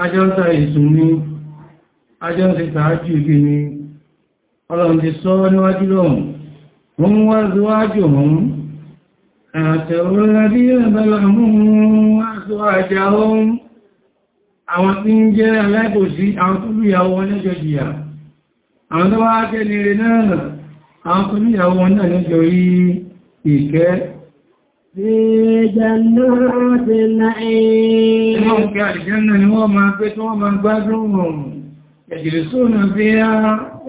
Ajọ́ta ìsù ni, ajọ́ta ìtàájú ìgbé ni, ọlọ́run ti sọ níwájú lọ́wọ́, wọ́n wá síwájú ọ̀hún, àtẹ̀wọ́n lábí ẹ̀bẹ̀lẹ̀ àwọn àṣíwájú ọ̀hún, àwọn tí ń jẹ́ aláìkòsí àwọn tó lúyàwó wọn lẹ́jọ́ jìyà àwọn tó wá jẹ́ lèrè náà àwọn tó lúyàwó wọn náà lẹ́jọ́ rí ìkẹ́ يجلسون فيها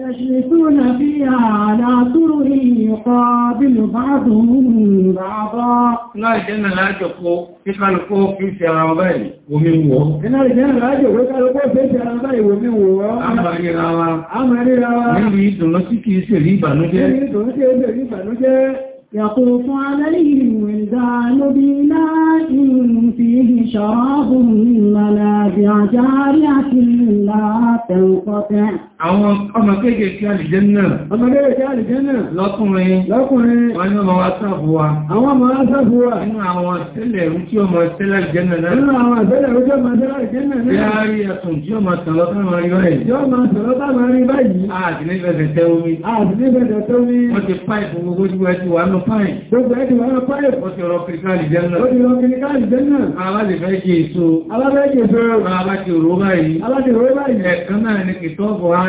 يجلسون فيها على سرر يقابل بعضهم بعضا láìjẹ́nà láàjọ kó kí kálùkó kí ṣe ara ọba ẹ̀ omi wò ó. láìjẹ́nà láàjọ kó kálùkó kí ṣe ara ọba ẹ̀ omi wò ó. àmàríra wa nínú ìdùnnú sí kìí ṣe rí ìbànújẹ́. nínú ìdùnnú sí kìí ṣe rí ìbànújẹ́. يطوف عليهم ولدان بناء فيه شراب منابع جارية لا تنقطع àwọn ọmọ kéèkéèké àlìjẹ́nà ọmọ kéèkéèké àlìjẹ́nà lọ́kùnrin lọ́kùnrin wọ́n ní ọmọ asáàbúwa àwọn ọmọ asáàbúwa nínú àwọn tẹ́lẹ̀ rú tí ọmọ tẹ́lẹ̀ àlìjẹ́nà náà nínú àwọn tẹ́lẹ̀ rú tí ọmọ tẹ́lẹ̀ àlìjẹ́nà náà yáárí ẹ̀sùn tí ọmọ tọ̀lọ́tà máa rí báyìí tí ọmọ tọ̀lọ́tà máa rí báyìí àti nífẹ̀ẹ́ tẹ́ omi àti nífẹ̀ẹ́ tẹ́ omi wọ́n ti páìpù gbogbo tí wọ́n ti wà nù páìpù gbogbo ẹ̀ ti wà nù páìpù wọ́n ti rọ kìrìkà àlìjẹ́nà ó ti rọ kìrìkà àlìjẹ́nà alábẹ̀fẹ́ kì í so alábẹ̀fẹ́ kì í so alábẹ̀fẹ́ kì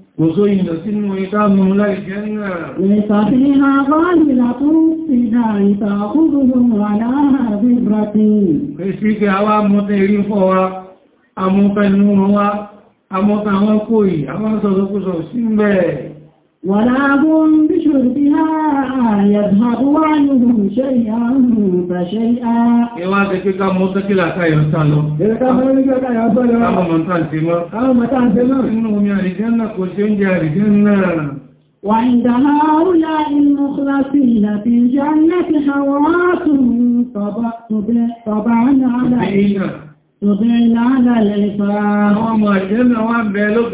لتفيها غالبة في دار تأخذهم على ذبرة كيفيك هوا مطيرين فوا أموكا نوروا أموكا وكوي أموكا سوكو سوكو سوكو ولا هم بشربها يذهب عنهم شيئا فشيئا ìwọ́n ti kíkà mọ́ tẹ́kílà káyọ̀ sá lọ káàmọ̀ mọ̀ta ti mọ́ inú omi àrìjẹ́nà kò ṣe ń jẹ àrìjẹ́nà وعند هؤلاء المخلصين في الجنة حوات طبعا على طبعا على الإفراح وما جنة وابدأ لك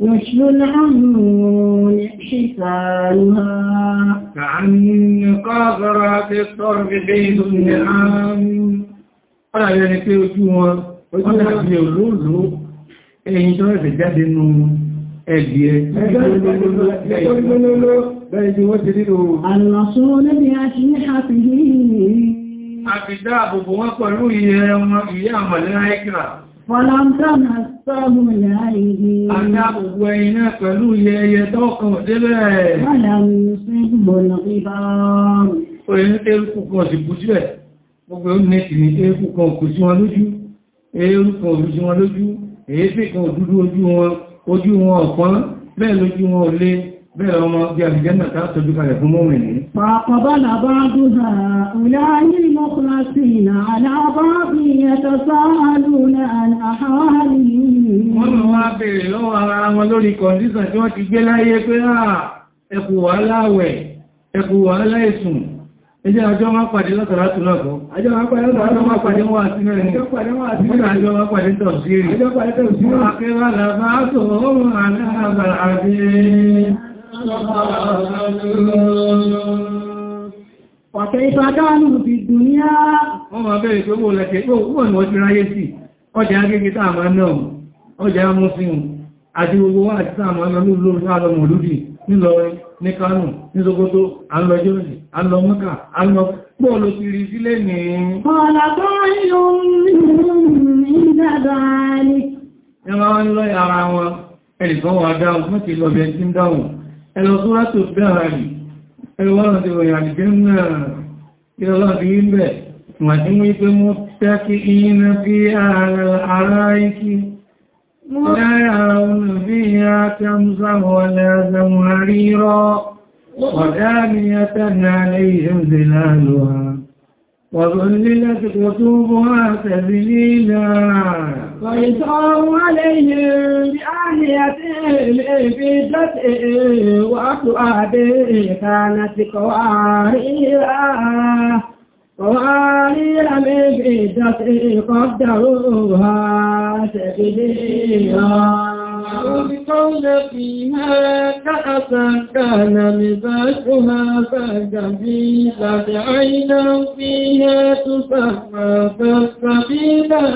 يشل العمون حسانها كأن قاغرات الطرف حيث النعام ọ̀rọ̀ yẹn ni pé ojú wọn ojú àti olóòlò ẹ̀yìn tó rẹ̀ jáde nù ẹ̀bí ẹ̀ bẹ́ẹ̀dì wọ́n ti nílò àlọ́sọ́ lẹ́bí a ṣe ní àfihì àfidá àbùbù wọn pẹ̀lú ìyẹ́ ọmọ ìyá àmàlẹ́ Fọ́lámtánà sọ́mù láìrí. Àká gbogbo ẹ̀yìnà pẹ̀lú yẹyẹ tọ́kàn débẹ̀. Fọ́lámù sí gbọ́nà bíbá. Orin eérùkù kan sì bú sílẹ̀. Gbogbo nẹ́tì ni eérùkù kan kò sí wọn lójú. Eérùkù kan òjú sí wọn lójú. Èéfì kan òdúdú ojú wọn, ojú wọn ọ̀pọ̀n, bẹ́ẹ̀ lójú wọn ò lé bẹ́ẹ̀ ọmọ bí àlìjẹ́nà ká tọ́jú kalẹ̀ fún mọ́mì ní. Pàpàbánà bá dúnà ọ̀láyìn mọ́kúnlásí ìnà alábábí ẹ̀tọ́ sáàlù náà àhárí. Wọ́n mọ̀ wá bèèrè lọ́wọ́ ara wọn lórí kọ̀ndíṣàn tí wọ́n ti gbé láyé pé ẹkù wà láwẹ̀, ẹkù wà láìsùn, ẹjẹ́ ọjọ́ máa pàdé lọ́tọ̀lá tún lọ́kọ́. Ajọ́ máa pàdé wọ́n àti mẹ́rin. Ajọ́ pàdé wọ́n àti mẹ́rin. Ajọ́ máa pàdé tọ̀ sí rí. Ajọ́ pàdé tọ̀ sí rí. Akẹ́rọ Ọ̀tẹ́ ìfàdánù ti dùníà. Wọ́n máa bẹ̀rẹ̀ pé wọ́n lẹ́kẹ̀ẹ́ pé wọ́n ni wọ́n ti ráyé sí, ọjà agégi táà máa náà, ọjà amúsíhùn, àti gbogbo wà àti táà máa lọ́lú lórí àlọ́mọ̀ lórí nílọrin, ní Kánò, ní Sókótó, àlọ́jọ́rì, àlọ́mọ́kà, àlọ́ pọ́ọ̀lọ́ ti rí sílé ní. Ọ̀lá tó ń lọ ní ìdàdà ẹlọ súrátù dára rí ẹlọ́rọ̀ ti ròyìn àdìjẹ́ náà ìrọ̀lọ́ bí i bẹ̀ wọ́n tí wọ́n pé mú tẹ́kì iná bí ara ikí lára ọ̀nà bí i àtẹ́mùsáwọ̀ lẹ́ẹ̀zẹ̀mù àrírọ̀ wọ̀dá ni àtẹ́ وذللت قطوبها تذليلا ويسعوا عليهم بآلية في جزء وأكوابه كانت قواريرا قوارير من فضة قدروها تقديرا قول فيها كأسا كان مزاجها فجميلة عينا فيها تسمى فالسبيلة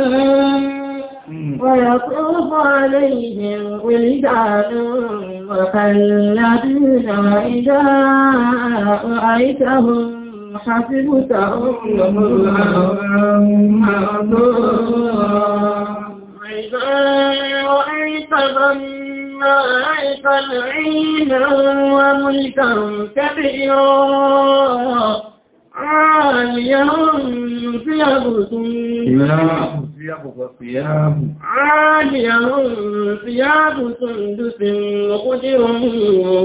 ويطوف عليهم ولدان وخلدون إذا رأيتهم حسبتهم عمرا مأمورا فإذا رأيت ظنائك العين وملكا كبيرا عاليهم ثياب سندس عاليهم ثياب سندس وخدر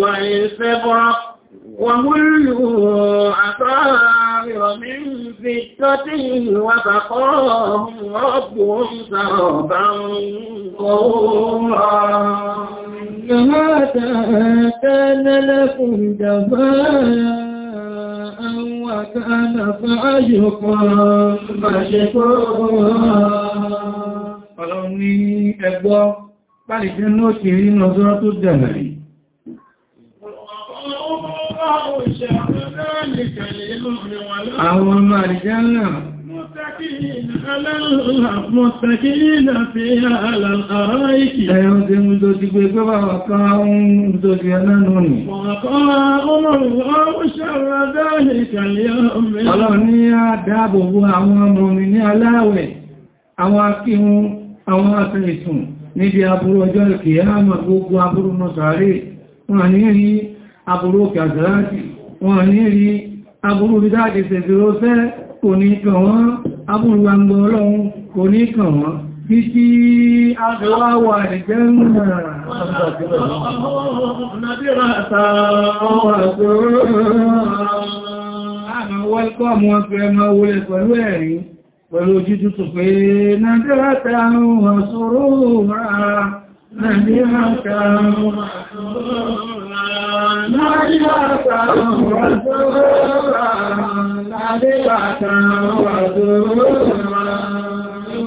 وإن سبرق وملوا أصابر من فتته وفقاهم ربهم سرابا قورا هذا كان لكم دفاعا وكان فأجقا فشكرا Ọlọ́run ní ẹgbọ́, pàlìjẹ́ ní ó ti rí ní ọjọ́ tó dẹ̀mẹ̀rí. Àwọn ọmọ àrìjánà Mọ̀tàkìlínà fi àlà àrá ìkì. Ẹ̀yọ́n tí mú tó ti gbé pé bàbá kan ń tó ti ẹlẹ́nu nì. Ọlọ́run ní á dáàbò bó àwọn ọmọ mi ní aláwẹ̀, àwọn akíhun, àwọn àtẹ́ìtùn níbi aburú ọjọ́ ìkìyàmà gbogbo aburú nọ sàárè. Wọ́n ní aburú kàzáàtì wọn ní rí aburú bí dáàdì sẹ̀sẹ̀rọ fẹ́ kò ní kàn wọ́n aburú gbangbo ọlọ́run kò ní kàn wọ́n bí kí agbọ́wà wà ní jẹ́ Pẹ̀lú ojú tuntun pé Nàìjíríà tẹ́ àrùn àṣòro rà, Nàìjíríà tẹ́ àrùn àṣòro rà. نذرة وسرورا نذرة وسرورا نذرة وسرورا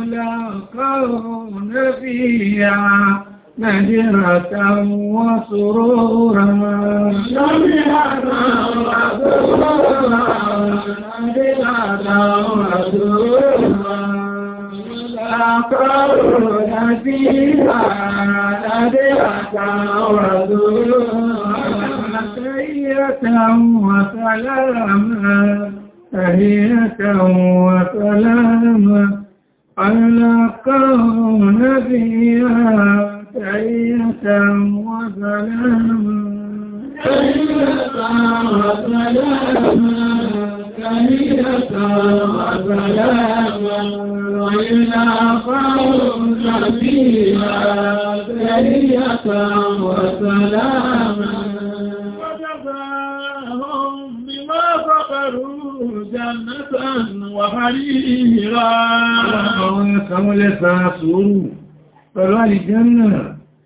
لا قول فيها نذرة تحية وسلاما على قوم نبيا تحية وسلاما تحية وسلاما تحية وسلاما وإلى قوم سبيلا تحية وسلاما وجزاهم بما صبروا جنة وحريرا. Àwọn ẹ̀sàn mọ́lẹ́sàn sùúrù pẹ̀lú àlìjẹ́ náà.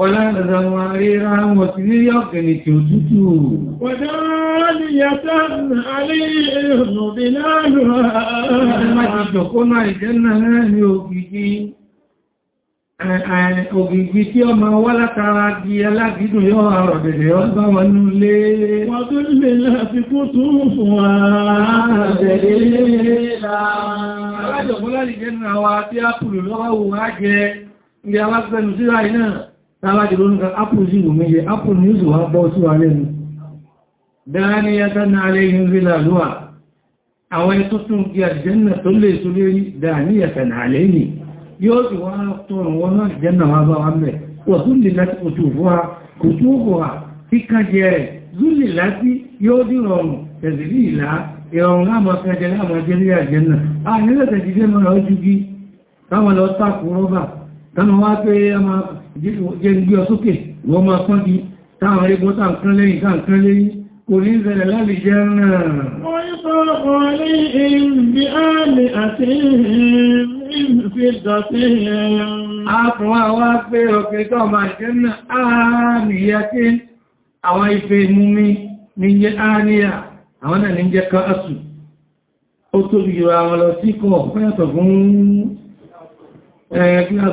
Ọlọ́rẹ̀dà wọn ríra wọn ti rí ọ̀kẹ̀lẹ̀ tí ó tútù. Wọ̀dánìyàtà àrí ìrùnù bí láàrùn ààrẹ máa jọ̀kó máa ìjẹ́nà náà ní ògìgì tí ọmọ wá látara di alágídùn yọ́ àrọ̀ bẹ̀rẹ̀ ọ́ bá wọn ní ilé. Wọ́n tó lè láti kó tó fún wa bẹ̀rẹ̀ láàrùn. Alájọ̀kó láti jẹ́ lábájú ló ń ga apple sí ìlú méje apple news wà bọ́ sí wà lẹ́nu dáníyàtà náà alẹ́ yìí ń rí làlúwà àwọn ẹni tó tún di àjẹ́nà tó lè tó lè rí dáníyàtà náà alẹ́ yìí yóò sì wá tọrùn wọn náà jẹ́nà wá bá wọn mẹ́ wọ́n tún lè láti òtù fún wa kò tún ó bọ̀ jẹ́ gbé ọ sókè wọ́n máa kán di táwọn ẹgbọ́n tàà kán lẹ́yìn tàà kán lẹ́yìn kò ní ìzẹ̀lẹ̀ láti jẹ́ náà wọ́n yí sọ́rọ̀ ọ̀rẹ́ ìrìnbí ààlè àti ìrìnbí àwọn ife múmi ní jẹ́ àníyà àwọn náà ní jẹ́ kan asù ó tóbi jù àwọn lọ sí kọ̀ fẹ́yàtọ̀ fún ẹgbẹ́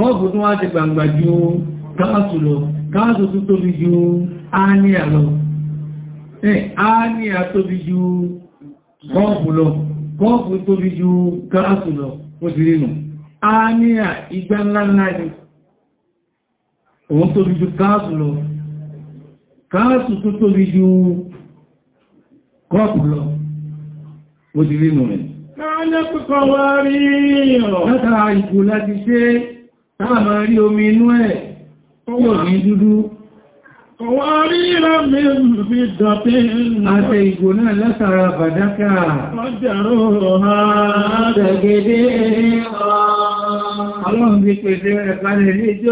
kọ́ọ̀bù tó wá ti gbàǹgbà ju káàsù lọ káàsù tó tóbi ju áníà lọ áníà tóbi ju kọ́ọ̀bù lọ kọ́ọ̀bù tóbi ju káàsù lọ ó ti rí nù áníà igbá ńláńlá ni òun tóbi ju káàsù lọ káàsù tó tóbi ju kọ́ọ̀bù lọ ó ti rí nù rẹ̀ Láàrín ẹ̀kùkọ̀ wá ìgbò láti ṣe a ma rí omi inú ẹ̀ yóò ní dúdú wọ́n rí rámi fi dọ̀tí àtẹ ìgò náà látara bàdákà ọjọ́rò ha tẹ̀gẹ̀dẹ̀ ọlọ́run ti pèsè ẹ̀kàlẹ̀ ní tí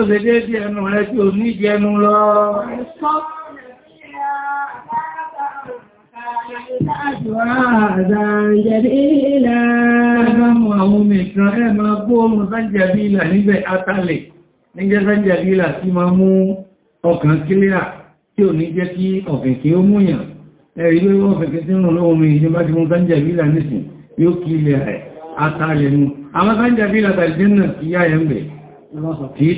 Níjẹ́ sájàbílà tí máa mú ọkàn kílíà tí ò ní jẹ́ kí ọ̀fẹ̀kẹ́ ó múyàn. Ẹ̀rí lórí ọ̀fẹ̀kẹ́ tí rùn lóòmí ìjọba ti mú sájàbílà nìsìn yóò kí ilẹ̀ rẹ̀ àtàlẹ̀ mú. Àwọn sájàbílà tàìjẹ́nà kìí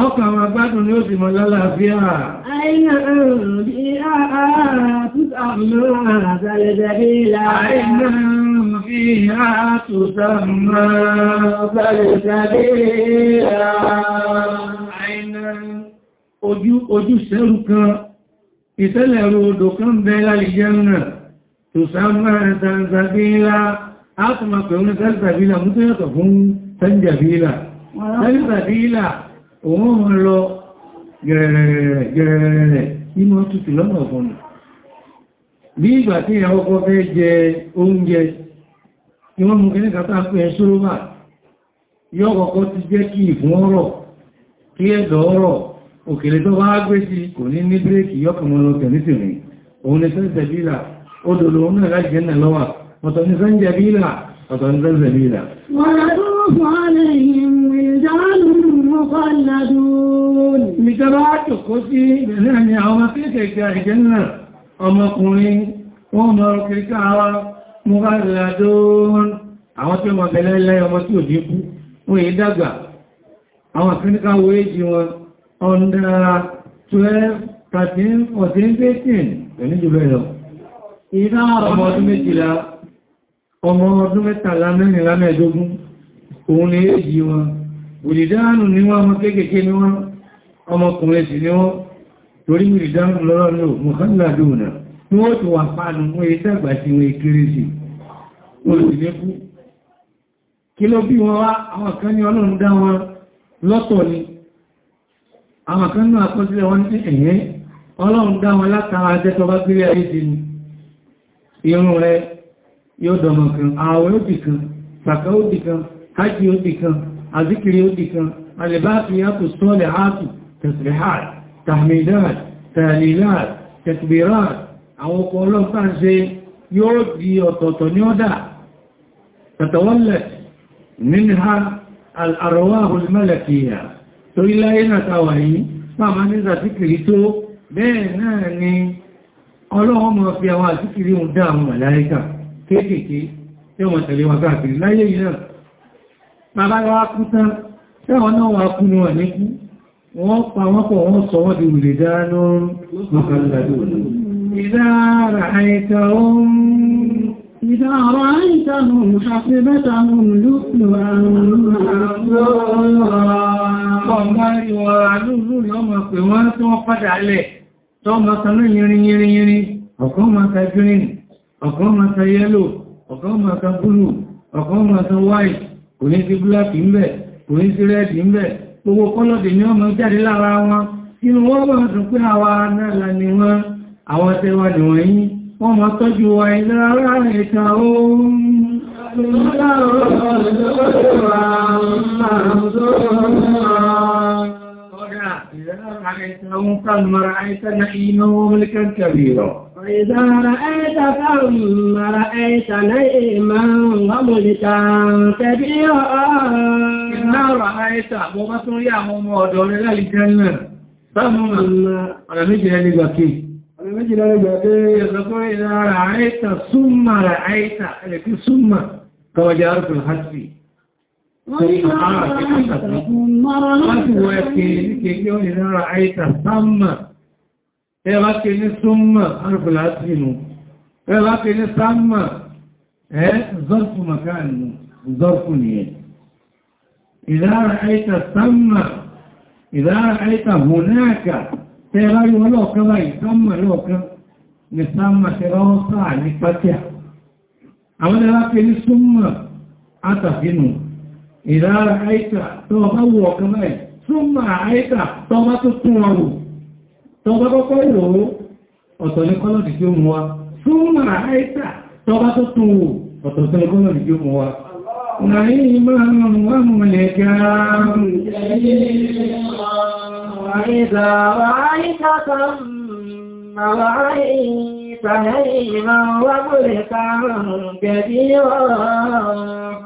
ọkàn àwọn agbádùn ni ó sì mọ̀ lálàáfíà. Àìyàn ọ̀rùn bí i àà tútà mọ́ àtàlẹ̀dẹ̀bílà. Àìyàn ọ̀rùn bí i àà tútà mọ́ àtàlẹ̀dẹ̀bílà. Àìyàn ojú ojú sẹ́rù kan, ìtẹ́lẹ̀ odò kan bẹ lálìjẹ́rùn-ún tó sáàmà tàǹsàbílà, á tún ma mú tó yàtọ̀ fún tàǹsàbílà. Tàǹsàbílà òun ń lọ gẹ̀rẹ̀rẹ̀rẹ̀ nínú tútù lọ́nà ọ̀fọ́nà bí ìgbà tí ìyàwó kọ́ fẹ́ jẹ oúnjẹ tí wọ́n mú kí ní fún ẹ ṣórówà yọ́ kọ́kọ́ ti jẹ́ kí ìfún ọ̀rọ̀ kí ẹ̀dọ̀ ọ̀rọ̀ òkèlè tó bá gbé sí kò ní ní bírèkì yọ́kùnmọ́ Wàlàdúrùn-ún àlẹ́yìn ìdáàlùmù mukhalladun ìjọba àjòkó sí ìrẹ̀lẹ́ ni àwọn kéèkèé àìjẹ́nà ọmọkùnrin wọ́n mọ̀ kìríkà wa mukhalladun àwọn tí ó mọ̀ bẹ̀lẹ́ lẹ́ ọmọ tí ò dínkù wọ́n èé dàgbà àwọn kìríkà wo èjì wọn ọ̀ndà 12 13 14 15 pẹ̀lú jù bẹ́ẹ̀ Ida, ìdá ọmọ ọdún méjìlá ọmọ ọdún mẹ́tàlá mẹ́rìnlá mẹ́ẹ̀dógún òun ni èjì wọn wùlìdánù ni wọ́n ọmọ kéèkéé ni wọ́n ọmọkùnrin sí ni wọ́n torí wùlìdánù lọ́rọ̀ ní mọ̀kànládùnà ní wọ́n ti wà pàánù mú èyí dàgbà sí wọn kéré sí wọ́n sì ní kú ni àwọn kan náà àkọsílẹ̀ wọn ní ẹ̀yẹ́ ni irun rẹ yóò dọ̀mọ̀ kan ààwẹ̀ ó dì kan sàkà ó dì àzíkiri òkè kan alìbáàkì yàtò sọ́lẹ̀ áàtù tẹ̀sìlẹ̀hàt tàhmìdáàt tààlìláàt tẹ̀kùbìráàt àwọn ọkọ̀ ọlọ́pàá ṣe yóò di ọ̀tọ̀ọ̀tọ̀ ní ọ́dà tàtàwọ́lẹ̀ nínúhà al'arọwáhùn mẹ́lẹ̀kìyà torí láyé náà tàwà yìí pàmà ní àzíkiri tó bẹ́ẹ̀ náà ni ọlọ́wọ́ mọ̀ fi àwọn àzíkiri ń dá àwọn màláíkà kéékèèké tí wọ́n tẹ̀lé wa káàkiri láyé yìí náà bàbá yọ akú tán tẹ́wọ̀n náà wà kú ní wà ní wọ́n pa wọ́n pọ̀ wọ́n sọ wọ́n di wùlè dáánú mọ̀kànlẹ̀dọ̀ ìdá àrà àìtàhùn àfẹ́bẹ́tàhùn lúkùn àrùn àrùn àrùn àrùn àrùn kò ní sí búlọ́ọ̀kì ń bẹ̀ kò ní sí rẹ́ẹ̀dì ń bẹ̀ gbogbo kọ́lọ̀dì ni wọ́n mọ̀ jáde lára wọn inú wọ́n mọ̀ tún pé àwa náà ni wọ́n àwọn tẹwà nìwọ̀n yí wọ́n mọ̀ tọ́jú wa ìlera láàrin ìta ohun وإذا رأيت ثم رأيت نئما وملكا كبيرا إذا رأيت بغة يا ممود ولل الجنة فهما أنا مجي لنبكي أنا مجي لنبكي إذا رأيت ثم رأيت لكن ثم كما جاء في الحسبي ثم رأيت ثم رأيت ثم رأيت ثم ẹwà ké ní súnmọ̀ arúgbìlátínú ẹwà ké ní sáàmọ̀ ẹ zọ́rfù makáàlù zọ́rfù nìyẹn ìdára àìta sáàmọ̀ ìdára àìta hùnáàkà tẹ́ẹ̀rá yíwọ́ lọ́ọ̀kan báyìí sáàmọ̀ lọ́ọ̀kan ní sáàmọ̀ tẹ́ẹ̀rá ó sáà ní pátíà àwọn ẹwà ké ní súnmọ̀ átàfínú ìdára àìta tọba kọ́kọ́ lò ó ọ̀tọ̀ ní kọ́lọ̀dì tí ó mú wa súnmọ̀ àìsà tọba tó tún wò ọ̀tọ̀ tó ní kọ́lọ̀dì tí ó mú wa nàíyí máa ń rọrùn wà mú ilẹ̀ gáàrùn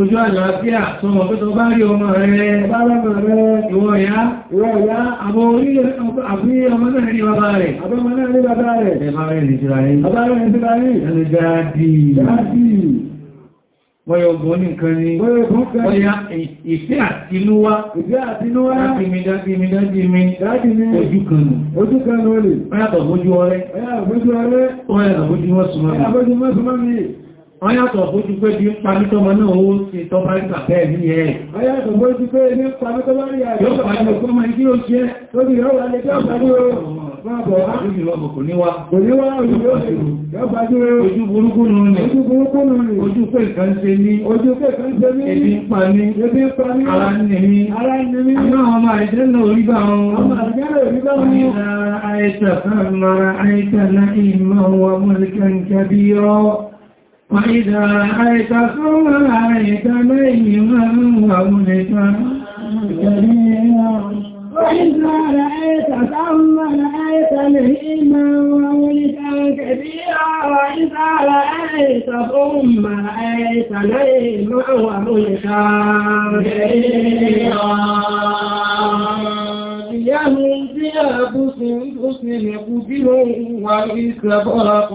ojú àlàáfíà tó mọ̀ pé tó bá rí ọmọ rẹ̀ ìwọ̀ ìyá àbọ̀ orílẹ̀ àbí ọmọ náà rí bàbá rẹ̀ àbọ́mọ náà rí bàbá rẹ̀ ẹ̀bá rẹ̀ ní síra rí bàbá rẹ̀ ní síra rí ẹni dáadì wọ́yọ̀gbọ́n ní nǹkan ni wọ́yá ìfẹ́ àtinúwá láti mi dájí mi dájí mi ojú kanù ojú kanù olè ọyàtọ̀ bójú ọrẹ́ ọyàtọ̀ bójú ọrẹ́ ọyàtọ̀ bójú mọ́sùmọ́ mi wọ́n yàtọ̀ bójú pé bí pàmítọ́mọ náà ó ti tọ́bá ìgbà bẹ́ẹ̀ ní ẹ̀. wọ́n yàtọ̀ bójú pé ní pàmítọ́mọ ní àyè yóò pàdé ọgbọ́mọ ní kí ó ṣe lórí ìrọ́wà lè jẹ́ ọ̀pàdé ojú burúkú nù ní ojú pé ìkan ṣe ní ojú pé ìkan ṣe ní ebi ń pa ní ebi ń pa ní ara ní mi ara ní mi náà ọmọ àìjẹ́ náà orí bá wọn ọmọ àìjẹ́ náà orí bá wọn àìsàn mara àìsàn láì mọ́ wọn mọ́lẹ̀kẹ́ ń kẹ́ bí ọ́ وإذا رأيت صور رأيت بيما وملكا كريما وإذا رأيت ثم رأيت بهما وملكا كبيرا وإذا رأيت ثم رأيت بهما وملكا كبيرا يهم ثياب سندس لقبل وإستبرق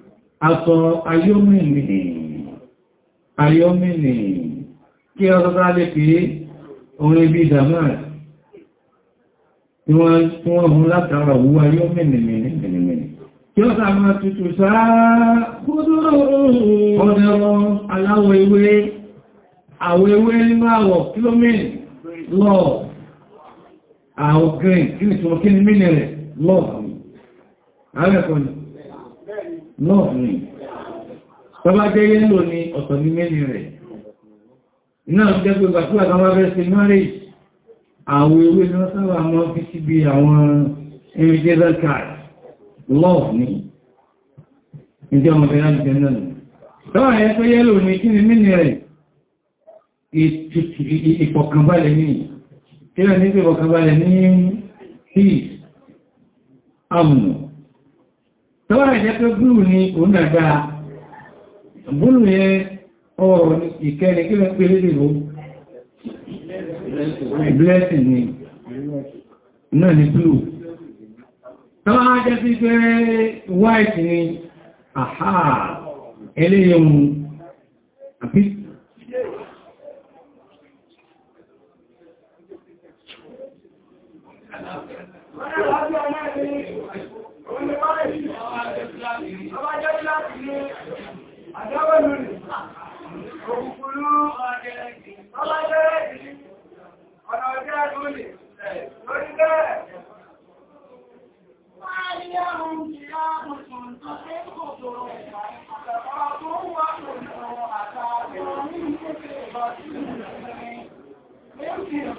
aṣọ ayómìnì ayómìnì kí ọ tọ́ta lè pé orin bí damas tí wọ́n hun látara òwú ayómìnì mìnìmìnì kí ọ tàbí tutù sáà ọdẹ́rọ aláwọ̀ ewé àwọ̀ ewé nínú àwọ̀ kílómìnì lọ àwọ̀ green kí ni tí wọ́n kí ni mìnì rẹ̀ lọ́ọ̀ àwọn ẹ̀kọ́ ni náà ni tọ́bá jẹ́ yẹ́lò ni ọ̀tọ̀ ní mẹ́rin rẹ̀ náà jẹ́ pé bàtí àtàwà rẹ̀ sí mọ́rẹ̀ àwọn ewé ní wọ́n sábà mọ́ fi sí bí àwọn irinjẹ́dal card love ni ìjẹ́ ọmọbìnrin láti jẹ́ náà tọ́wà yẹ́ pé yẹ́lò ni kí ni mẹ́rin rẹ̀ ìfọ̀kànbalẹ̀ ní kí ni ìfọ̀kànbalẹ̀ ní peace amnu tọ́wọ́ ìjẹ́ tó búrú ni òun dàgbà búrú yẹ ọ̀rọ̀ ìkẹni kí lọ pé lédè ló blessing ni náà ni blue tọ́wọ́ ajẹ́ sí pé white ni àhá eléyìn àbí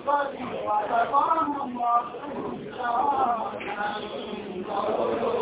قد وتقام الله شرعا من قوله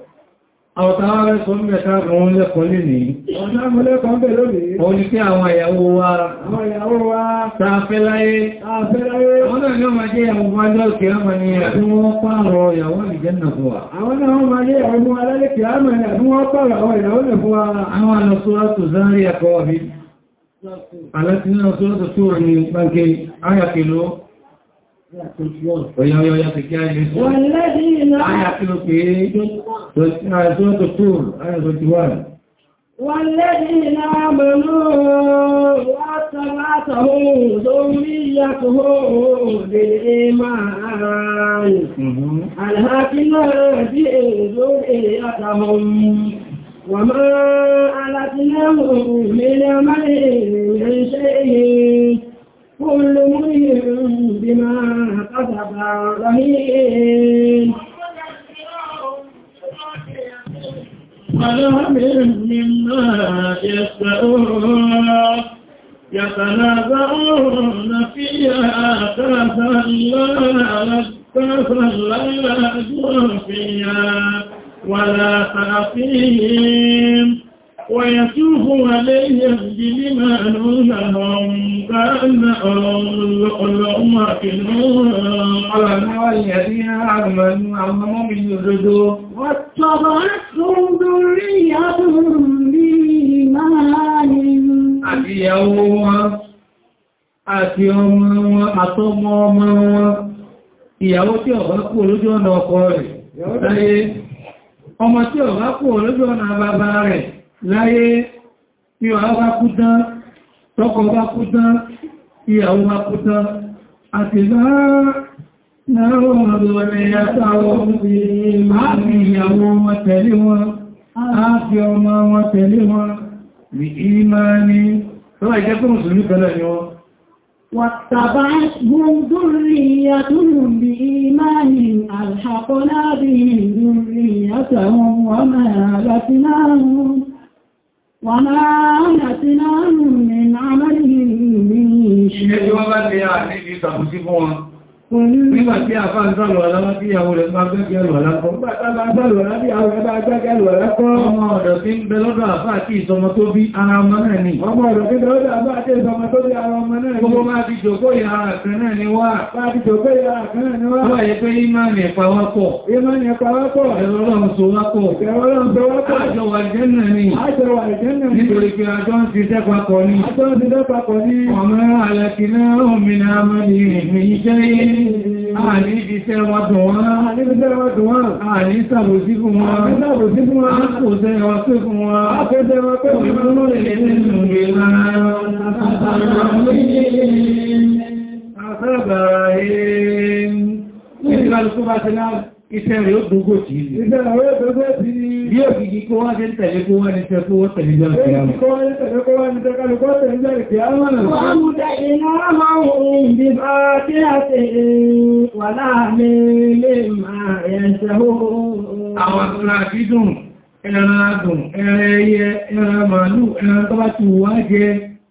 àwọ̀tàwárẹ́ tó ń bẹ̀ta àwọn olẹ́kùn lè ní olùkí àwọn ìyàwó wa tààfẹ́ láyé àwọn náà ni ó máa jẹ́ ìyàwó májọ́ òkè àmà ni àbí wọ́n àwọn wọ́n pààrọ̀ ìyàwó والذين والذين آمنوا واتبعتهم ذريتهم بالإيمان ألهكنا في ذريتهم وما ألتناهم من عمل من شيء كل امرئ بما كسب رهين ولا مما يشتهون يتنازعون فيها تسلا تسلا فيها ولا تأثيم ويطوف عليهم بلمان لهم كأنهم لؤلؤ مكنون والذين آمنوا عمروا بالجدود واتبعتهم ذريتهم بإيمان أبيهم àti ọmọ wọn àtọmọ ọmọ wọn ìyàwó tí ọ̀gá kú olójú ọ̀nà ọkọ rẹ̀ láyé ọmọ tí ọ̀gá kú olójú ọ̀nà bàbá rẹ̀ láyé bí ọ̀rá bá kú tán tọ́kọ bá kú tán ìyàwó bá kú tán àti láàá ìyàwó wọn tẹ̀lé wọn ààfi ọmọ wọn tẹ̀lé wọn rí ìmáni tọ́wà ìjẹ́ pé mùsùlùmí pẹ̀lẹ̀ ni wọ́n náà وما نتنام من عمله من شيء Nígbà tí a bá ń sọ́lù ọ̀lọ́wọ́ tí ìyàwó rẹ̀ bá gbẹ́gbẹ́ ẹlù ọ̀lákọ́. Nígbà tí a bá ń sọ́lù ọ̀lọ́wọ́ tí ìyàwó rẹ̀ bá gbẹ́gbẹ́ ẹlù ọ̀lákọ́. Ọmọ ọ̀dọ̀ tí ń bẹ lọ́dọ̀ àfáà tí ìsọmọ tó bí ara ọmọ náà ni. Ọmọ ọ̀dọ̀ tí ń bẹ lọ́dọ̀ àfáà tí ìsọmọ tó bí ara ọmọ náà ni. Gbogbo máa ti jòkó ìhara kan náà ni wá. Máa ti jòkó ìhara kan náà ni wá. Wọ́n yẹ pé ìmáàmì ẹ̀pà wá pọ̀. Ìmáàmì ẹ̀pà wá pọ̀. Ẹ̀rọ ọlọ́run so wá pọ̀. Ẹ̀rọ ọlọ́run so wá Àjọ wà jẹ́ náà ni. Àjọ wà ni. Nítorí pé àjọ ń ti dẹ́pa kọ ni. Àjọ ń ti dẹ́pa kọ ni. Àní ah, iṣẹ́ wọn dùn wọn. Àní ah, iṣẹ́ wọn dùn wọn. Àní ah, sàbòsí fún wọn. Àní sàbòsí fún wọn. Àpò sẹ́ wọn pé fún wọn. Àpò sẹ́ wọn pé fún wọn. Àpò sẹ́ wọn pé fún wọn. Àpò sẹ́ wọn pé iṣẹ́ rẹ̀ ó dúgbò tí ní. Iṣẹ́ rẹ̀ ó dúgbò tí ní. Bí ó fi kíkó wá ṣe ń tẹ̀lé kó wá ní tẹ́kó wọ́n tẹ̀lé jọ ìpìyà mọ̀. Kó wá ní tẹ̀lé kó wá ní tẹ́kó wá tẹ̀lé jọ ìpìyà mọ̀. Wọ́n mú dá iná máa ń rìn bí bá kí a ṣe wà láàrin ó. Àwọn ọ̀nà àbídùn,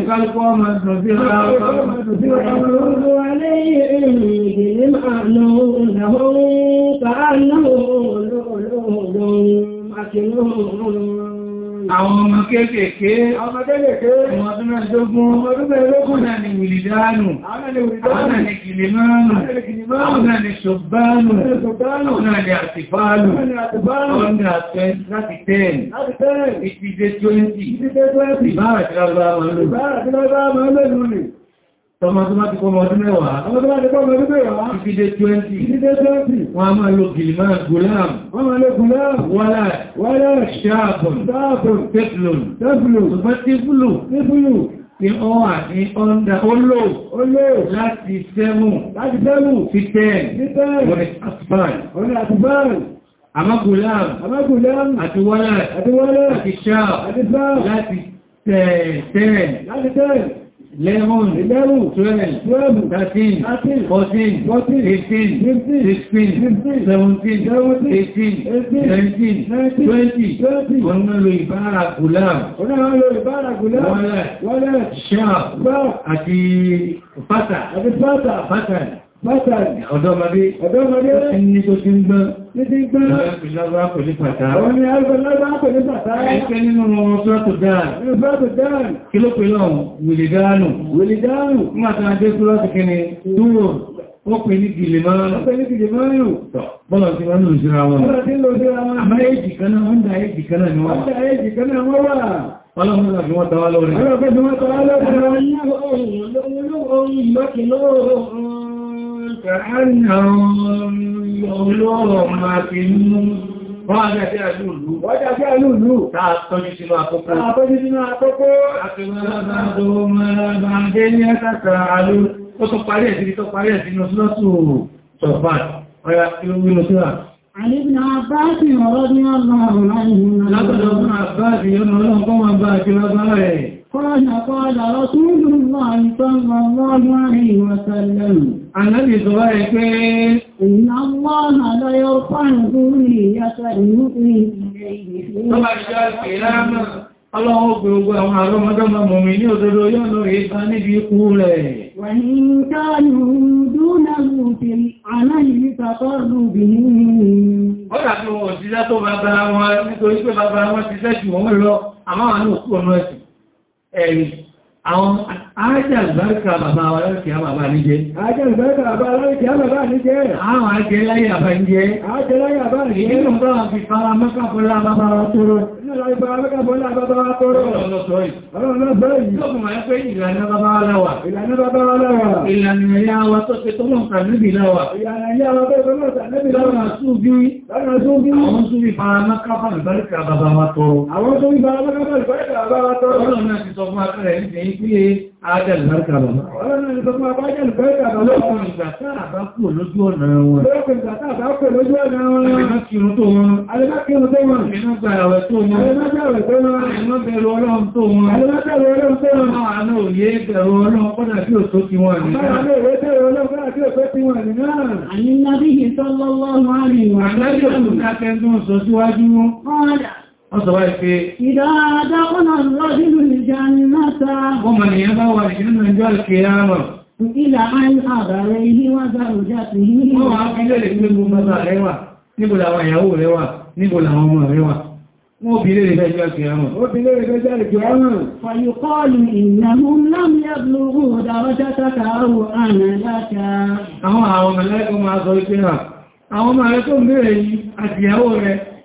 الخلق وما تفير الأرض عليهم بالمعنون كأنه لؤلؤ مكنون àwọn ọmọ kéékèèké ọmọ ọdún mẹ́ẹ̀dógún ọdún mẹ́ẹ̀dógún náà ni wìlìdánù àwọn ni kìlìmánù àwọn ni ṣọ̀bánù àwọn ni àtìfánù àwọn ni àtẹ́ láti tẹ́ẹ̀n ìtìdé 20 ìbára tí lábára mọ́ lónìí Tọ́mọdé máa ti kọ́ ọmọdé mẹ́wàá. Tọ́mọdé máa ti kọ́ ọmọdé mẹ́wàá. Ìfidé 20. Ìfidé 20. Wọ́n a máa lo gìlìmá gùlám. Wọ́n máa lo gùlám. Wọ́lá. Wọ́lá ṣáàbùn. Ṣáàbùn. Tẹ́fùlù. Tẹ́fùlù. Ṣùgbọ́n tífùlù. Tífùlù. Ní ọ́wà ní ọ́ndà oló. Oló. Láti sẹ́mù. Eh, Láti sẹ́mù. Fi tẹ́ẹ̀. Fi tẹ́ẹ̀. Wọ́n ni àtùbáì. Wọ́n ni àtùbáì. Àmọ́ gùlám. Àmọ́ gùlám. Àti lemon 11, 12, 12, 13, 13 14, 14, 15, 15, 16, 15, 17, 17, 18, 18 19, 19, 20, 20. Wọ́n lo ìbára gùlám. Wọ́n lo ìbára àti fátà. Àti Bátàrí, ọ̀dọ́mọdé, ọ̀dọ́mọdé, ní tó ti ń gbọ́n, ní ti ń gbọ́n, ìlàgbà pẹ̀lú pàtà. Wọ́n ni alùgbàlágbà pẹ̀lú pàtà. Ẹgbẹ́ nínú ọmọ sọ́tò dáà. Nínú sọ́tò dáà. Kí ló pẹ̀lú ọ̀hún? Wìlìdánù. Wìlìdánù. Mọ́ta dé kúrọ́ ti kí ni, dúró, ó pè ní gìlè márùn-ún. Ó pè ní gìlè márùn-ún. Bọ́lá ti wọ́n lò síra wọn. Bọ́lá ti lò síra wọn. Kàánàrùn ọlọ́rọ̀ máa fi mú wọ́n ajá sí àlúùlú. Wọ́n ajá sí àlúùlú. Táà tọ́jú sínú àkókò. Táà tọ́jú sínú àkókò. Àti wọ́n lábá tó mọ́ra bá ń gẹ́ ní ẹ́sàkà àlú. Ó tó parí ẹ̀ sí tó parí ẹ̀ sínú sílọ́tù sọ̀fà. Ọya kí ló wínú síra. Àlébìnà bá sì ọ̀rọ̀ ní ọlọ́run láìhìn. Látọ̀dọ̀ fún àbá àti ọlọ́run kọ́ wọn bá àti lọ́gbọ́n rẹ̀. قال قال رسول الله صلى الله عليه وسلم عن أبي سوائك إن الله لا يرفع ذرية المؤمن إليه ثم أشكال كلامه Ọlọ́run ó gbogbo àwọn àrọ́mọdọ́mọ mọ̀mí ní òdòdó yóò lọ ìta níbi ikú rẹ̀. Wà ní káàlù dúnà lùtì aláìní tàbárù bì ní. Ó dàbí wọn òṣìṣẹ́ tó bàbá wọn nítorí pé bàbá wọn ti sẹ́jù wọn lọ, àmáwọn And àwọn ajá bàbá wa lọ́rẹ̀ bàbá ní jẹ́. àwọn ajẹ́ àbá ní jẹ́. ajẹ́ bá wọn fi fara mẹ́kà fọ́lá bàbá wa tóró. nínú pé ajá ìbárkà bàbá. Ọlọ́run ni sọ fún abájá ìbárkà bàbá lọ́kùnrin ìgbà táà bá kú lójú ọ̀nà wọn. Lọ́kùnrin ìgbà táà bá kú lójú ọ̀nà wọn. Àlẹ́bá kírun tó wọn. Àlẹ́bá kírun tó wọn. Iná gba àwẹ̀ tó wọn. Àlẹ́bá gba àwẹ̀ tó wọn. Iná bẹ̀rù ọlọ́run tó wọn. Àlẹ́bá bẹ̀rù ọlọ́run tó wọn. Àánú òye bẹ̀rù ọlọ́run kọ́dà bí òtó ti wọn nìyá. Àánú òye bẹ̀rù ọlọ́run kọ́dà bí òtó ti wọn nìyá. Àyín nábì ìtọ́lọ́lọ́run àrìnwá. Àlẹ́bí òkúta wọ́n sọ wáyé pé ìdáadá ọ̀nà lọ́dínú ìjánnáta ọmọ nìyàn bá wà nínú ìjọ ìkìyàmọ̀ ìlà àbàrẹ ilé wá zàrùjá sí ní wọ́n wá fílẹ̀ lè gbé gbogbo mọ́ta rẹwà níbo làwọn ìyàwó rẹwà níbo làwọn ọmọ rẹwà wọ́n bí lè rẹ̀ jẹ́ ìkìyàmọ̀ ó bí lè rẹ̀ jẹ́ ìkìyàmọ̀ fàyíkọ́ọ̀lù ìlànà lámì ẹ̀blùrù dáwọ́já sákàárù àrẹ láta àwọn àwọn mẹ́lẹ́kọ́ máa sọ ìpínlẹ̀ àwọn ọmọ rẹ̀ tó ń bèèrè yìí àti ìyàwó rẹ̀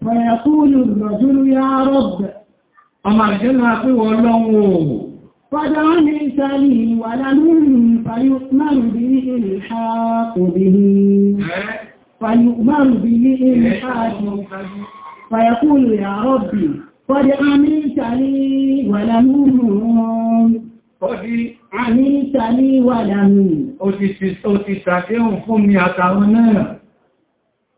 فيقول الرجل يا رب أما رجلنا في والله فدعني سليم ولم فيؤمر به الحاق به فيؤمر به الحاق فيقول يا ربي قد عملت لي ولم Ọdí àmì ìtàlí wà lámì. Ó ti ṣàṣẹ́hùn fún mi àtàwọn náà.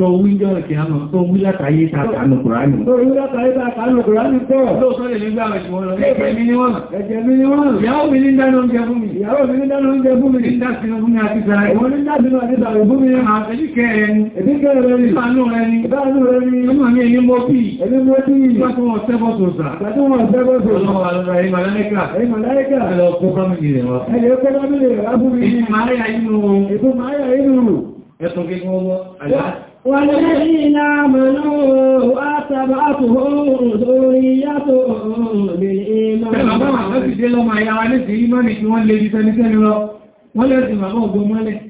tó wíjọ́ ìkì àmọ̀ tó wí látàáyé tààtàánù kùránì. tó wí látàáyé tààtàánù kùránì pọ̀. lóòtọ́ lè nígbà ẹ̀ṣùwọ́n lọ. ẹ̀jẹ̀ mi ni wọ́n. ẹ̀jẹ̀ mi ni wọ́n. ìyàwó mi ní dáná oúnjẹ fún mi. ìyàwó mi ní dáná oúnjẹ fún mi. ní dásínú fún mi àti sàárè. ìwọ́n ní dásínú àti sàárè fún mi. àtẹ̀jíkẹ́ rẹ ni. ẹ̀díkẹ́ rẹ ni. ìbánú rẹ ni. ìbánú rẹ ni. ọmọ mi èyí mọ́ bí. èyí mọ́ bí. ìgbà tó wọ́n sẹ́bọ̀ tó sà. ìgbà tó wọ́n sẹ́bọ̀ tó sà. ọlọ́wọ́ àlọ́ra ẹ̀yìn màláíkà. ẹ̀yìn màláíkà. ẹ̀lọ́ kó fámìlì rẹ̀ wá. ẹ̀lọ́ kó fámìlì والذين آمنوا أتبعتهم ذريتهم بالإيمان Bẹ́ẹ̀ bàbá wà láti dé lọ́mọ àyàwá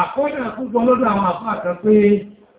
àkọ́dà púpọ̀ lọ́dọ̀ àwọn àfáà kan pé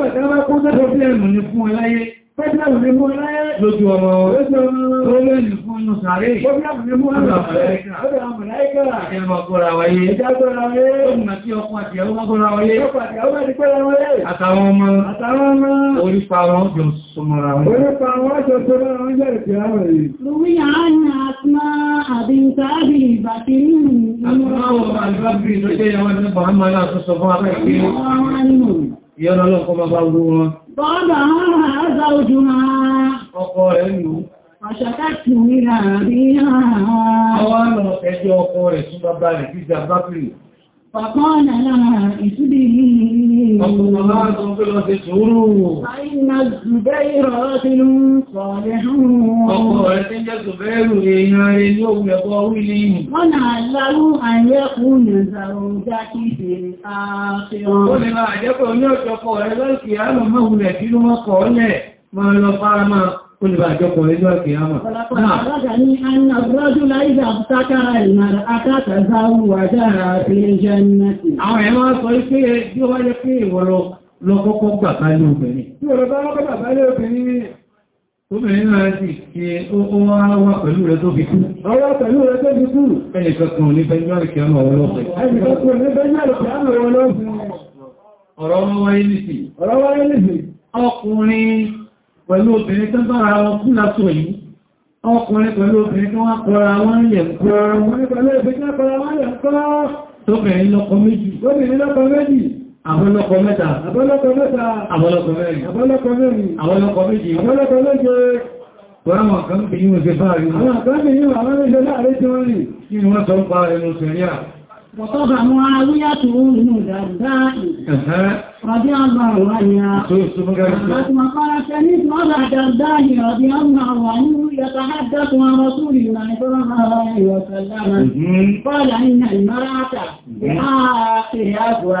Ìjọba kó tẹ́tọ̀ sí ẹ̀mù ní fún ẹláyé. Pẹ́tẹ́ ẹ̀mù ní fún ẹláyé lójú ọmọ orílẹ̀-èdè fún inú sàárè. Pẹ́tẹ́ ẹ̀mù ní fún ẹláyé. Ọdọ̀ àwọn mẹ̀láíkà. Ẹ̀mọ̀ gọ́ra wáyé. Ẹjá gọ́ra wáyé. Ọmọ tí ọkùn àti ẹ̀wọ́ gọ́ra wáyé. Ọkùn àti ẹ̀wọ́ ti pẹ́ra wáyé. Àtàwọn ọmọ. Àtàwọn ọmọ. Orípa wọn jọ sọmọra wọn. Orípa wọn jọ sọmọra wọn jẹ́ ìpìlá wọn yìí. Lúwí àánà àtúnmá àbíntàbí ìbàtírí. Àtúnmá wọn àlúbábí ló jẹ́ ìyàwó ẹgbẹ́ bàá máa láàtúnṣọ fún abẹ́ ìpínlẹ̀ ìyọ́nà ọlọ́kọ́ bá bá wú wọn. Bọ́ọ̀bà wọn àázá ojú máa. Ọkọ rẹ̀ lù. Ọ̀ṣọ̀ká ti mìíràn فقال لها اصبري الله في السرور فإن الزبير رجل صالح وقالت الزبير لنار اليوم طويل ولعله أن يكون زوجك في الآخرة ولما أعجبني أن يقول لك يا مولى كلمة قولة ما لو olùbà àjọpọ̀ ilé ọ̀kẹ́ àmà. Ọ̀làpàá ní àná rọ́jú láìsà àbútákàrà ìmàrà akátàzá wàjára fi jẹ́ nẹ́tì. Àwọn ẹ̀mọ́ sọ pé bí ó wáyé pé ìwọ̀lọ lọ́kọ́kọ́ gbà bá lé obìnrin. Bí ọ̀rọ̀ bá lọ́kọ́ gbà bá lé obìnrin náà sì ṣe ó wá wá pẹ̀lú rẹ̀ tó fi kú. Ọwá pẹ̀lú rẹ̀ tó fi kú. Ẹnìkọ̀kan ní Bẹ́jọ́ ìkẹ́ ọmọ ọlọ́fẹ́. Ẹnìkọ̀kan ní Bẹ́jọ́ ìkẹ́ ọmọ Ọ̀rọ̀ wáyé nìsì. Ọ̀rọ̀ wáyé nìsì. Ọkùnrin pẹ̀lú obìnrin tó bára wọn kú lásọ yìí ọkùnrin pẹ̀lú obìnrin tó wá kọra wọn yẹ̀ kọ́ tóbìnrin lọ́kọ méjì tóbìnrin lọ́kọ méjì àbọ́lọ́kọ mẹ́ta àbọ́lọ́kọ mẹ́ta àbọ́lọ́kọ mẹ́rin àbọ́lọ́kọ mẹ́rin àbọ́lọ́kọ méjì àbọ́lọ́kọ méje wọ́nàmọ̀ kan bí i wọ́n ṣe fáàrí wọ́n Wọ̀tọ́bà mú aríyá tó nínú ìdàdá ìrìn. Rọ̀bí àgbà wà ní a. Àti màkọ́lá ṣe ní ìtùmọ́lá àdàdá ìrìn rọ̀bí àgbà wà nínú yàtà àdàtù àwọn ọ̀tún ìrìnà ìbọ́rọ̀ àwọn ìwọ̀sàlámà. Bọ́ọ̀lá nínú ìmọ́ráta, ààrẹ àgbà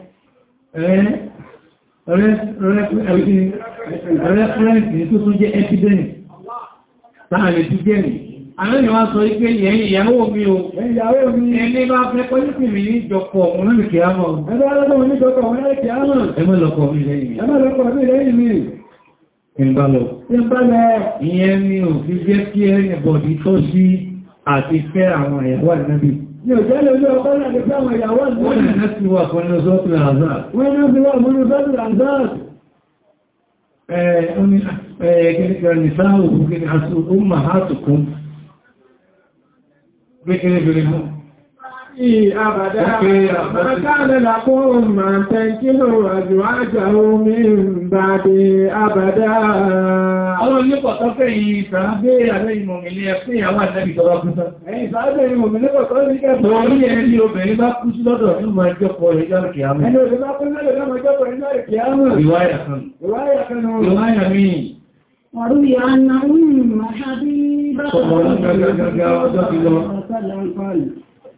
rẹ́fẹ́rẹ́ǹsì tó tún jẹ́ ẹ́pídẹ́nì láàrin tí jẹ́ nì àwọn ìwọ̀n sọ wípé yẹ̀yìn ìyàwó mi o ẹni bá fẹ́ pẹ́lúkì mi ní ìjọpọ̀ ọmọ lórí kìí àmọ́ ẹgbẹ́ lọ́pọ̀ mi lẹ́yìn mi ìbálọ̀ ìyẹn ni ò fi jẹ́ kí ẹni bọ̀dí tó sí àti fẹ́ àwọn ìyàwó ànábì Ní òjẹ́ lórí ọkọ́ náà lè fẹ́ àwọn ìyàwó àti wọ́n ni láti wà fún ọdún sọ́tún àzáà. Wọ́n ni ó fi wà fún ọdún sọ́tún àzáà. Ẹ̀ẹ́ ní sáà òkú kí ni a sọ, ó máa hátùkún. Gbé kéré bèèrè fún. فيه أبدا فكان لكم أن تنكحوا أزواجه من بعده أبدا Ọlọ́run ní pọ̀tọ́ fẹ́ yìí sàábé àlẹ́ ìmọ̀mìnì ẹ̀fẹ́ ìyàwó àtẹ́bì tọ́lá fún sá. Ẹ̀yìn sàábé ìmọ̀mìnì pọ̀tọ́ ní kẹ́kọ̀ọ́ orí ẹni obìnrin bá kú sí lọ́dọ̀ ní máa jọ́pọ̀ ìjọ́ kìámù. Ẹni obìnrin bá kú sí lọ́dọ̀ ní máa jọ́pọ̀ ìjọ́ kìámù. Ìwáyà kan. Ìwáyà kan. Ìwáyà míì. وروي أن أم حبيبة صلى الله عليه وسلم قال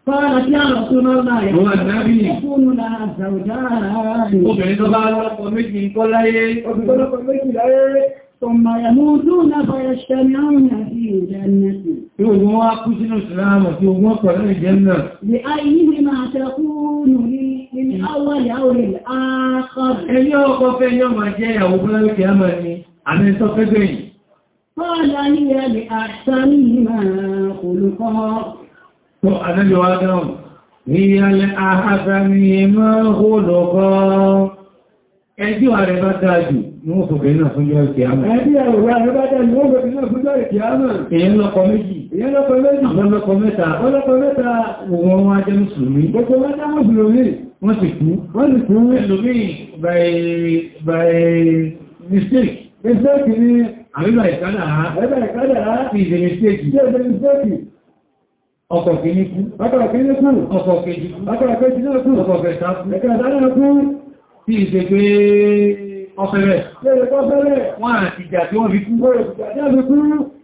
قالت يا رسول الله هو النبي يكون لها زوجان obìnrin tó bá lọ́pọ̀ méjì ń kọ́ láyé obìnrin lọ́pọ̀ méjì láyé ثم يموتون فيشتمعون في الجنة يقولون أكو سنو سلامة يقولون أكو سنو الجنة لأيهما تكون من أول أو للآخر ẹni ọkọ̀ fẹ́ yọ máa jẹ́ ìyàwó fẹ́lẹ́ kí a máa ní àmì sọ fẹ́ gbẹ̀yìn قال هي لأحسنهما خلقا Ànábì wa dáhùn, ìyàlẹ̀ àhàdà ni máa hó lọ́kọ́. Ẹjí wà rẹ̀ bá dájú ní ó fòfin náà fún jọ́rì kìámà. Ẹjí wà rẹ̀ bá dájú ní ó fòfin náà fún jọ́rì kìámà. Èyàn lọ́kọ méjì. Èyàn lọ́kọ méjì. Àwọn lọ́kọ mẹ́ta. Wọ́n lọ́kọ mẹ́ta. Wọ́n wá jẹ́ Mùsùlùmí. Gbogbo wá jẹ́ Mùsùlùmí. Wọ́n sì kú. Wọ́n sì kú. Ẹlòmí by by mistake. Mistake ni. Àbíbà ìkádà á. Àbíbà ìkádà á. Ti ìdè mistake. Ti ìdè mistake ọkọ̀ kìíní kú látara kìíní kú ọkọ̀ kejì látara kejì náà kú ọkọ̀ kẹta lẹ́kẹ̀ẹ́ dáadáa kú tí ìṣe pé ọfẹ́rẹ́ wọ́n àti ìjà tí wọ́n fi kú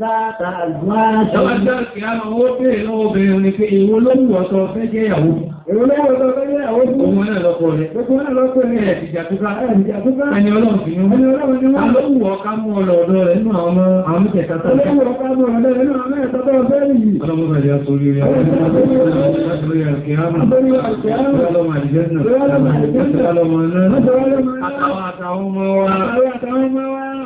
Záàtà àgbáṣẹ́. Ọjọ́ ọjọ́ ìyàwó owó lọ́wọ́ obìnrin ni pé èwo ló wù ọ́ fẹ́ jẹ́ ìyàwó. Èwo ló wù fẹ́ jẹ́ ìyàwó fún òun náà lọ́pọ̀ rẹ̀. Gbogbo náà lọ́pọ̀ rẹ̀ ẹ̀ ti jàtúkà. Ẹni ọlọ́run fi ní wọ́n. Ẹni ọlọ́run ni wọ́n. fẹ́ yìí. Ọlọ́run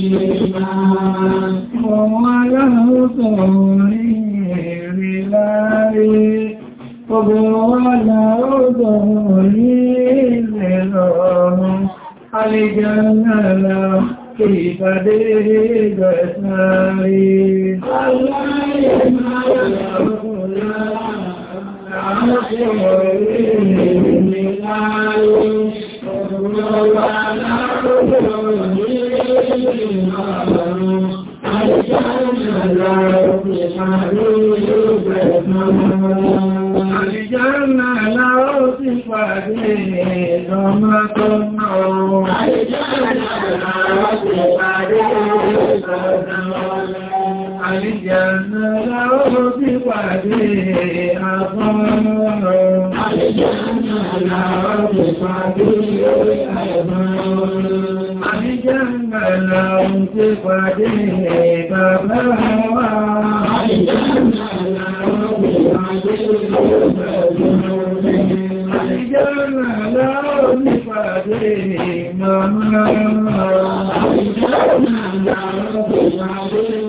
Òun aláhùsọ̀ orí èrè láàrí, obìnrin aláhùsọ̀ orí ilẹ̀ lọ́rùn, alìjẹ́ náà lọ kí ìpàdé gẹ̀ẹ́sàárí. Aláyé máa lọ́rùn láàrín, àwọn orí ilẹ̀ láàrín, obìnrin aláhùsọ̀ orí Àìjánà láwọ́ sí pàdé ìdánmọ́tọ́nà ọ̀rọ̀. Àìjánà láwọ́ sí pàdé ìdánmọ́tọ́nà ọ̀rọ̀. Àlìjànà láwọ́ bí pàdé àfọ́nà. Àlìjànà láwọ́ bí pàdé àfọ́nà. Àlìjànà láwọ́ bí pàdé bàbá wa. Àlìjànà láwọ́ bí pàdé àfọ́nà. Àìjọ́nà láàrùn nípàdé màmá. Àìjọ́nà láàrùn nípàdé màmá.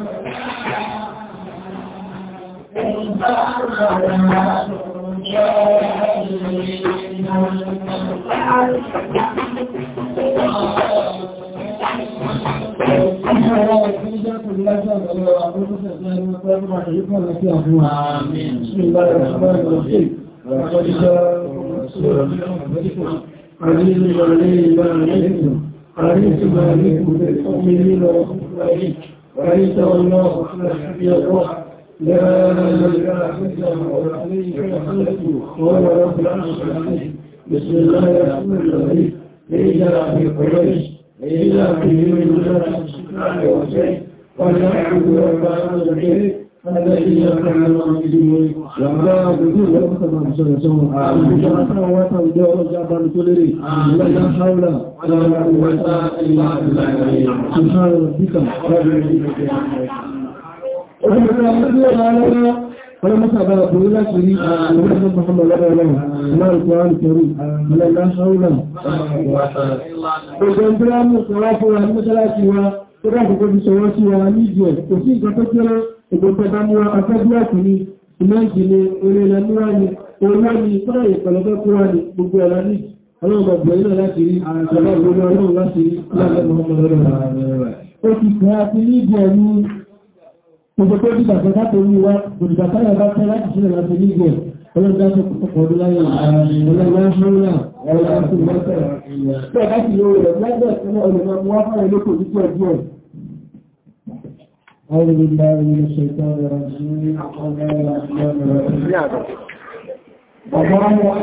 بسم الله الرحمن الرحيم لقد جاءكم رسول من انفسكم عزيز عليه ما عليكم حريص عليكم بالمؤمنين ورحمه الله وان تولوا فقد حبي الروح لا إله إلا هو عليه الحمد وهو رب العرش العظيم بسم الله الرحمن الرحيم إلا في قريش إلا في من الله سبحانه وتعالى ونعبد رب العالمين الذي يمنع المؤمنين لما بدون وقتنا بسنتهم وقتنا وتوجه جبل كلري لا حول ولا قوة إلا بالله سبحان ربك رب العزة ولما سأبقى أقول لك لي ورحمة محمد الله ولما ما القرآن الكريم ولا لا حول وقال لنا الصلاة وهم ثلاثة Tọ́dá kò kọjú ṣọwọ́ sí wa ní ìjọ kò sí ìjọ tó kéré ìgbòtọ̀dá ní wa afẹ́bí àkùnrin iná ìjìnlẹ̀ orí ẹ̀lẹ́ níwá ni orí ní tọ́rọ ìpẹ̀lọ́gbẹ́ kó wà ní gbogbo ẹ̀lá ní ọlọ́gbọ̀gbọ̀ ilẹ̀ láti rí àjọ̀lọ́ gbogbo tó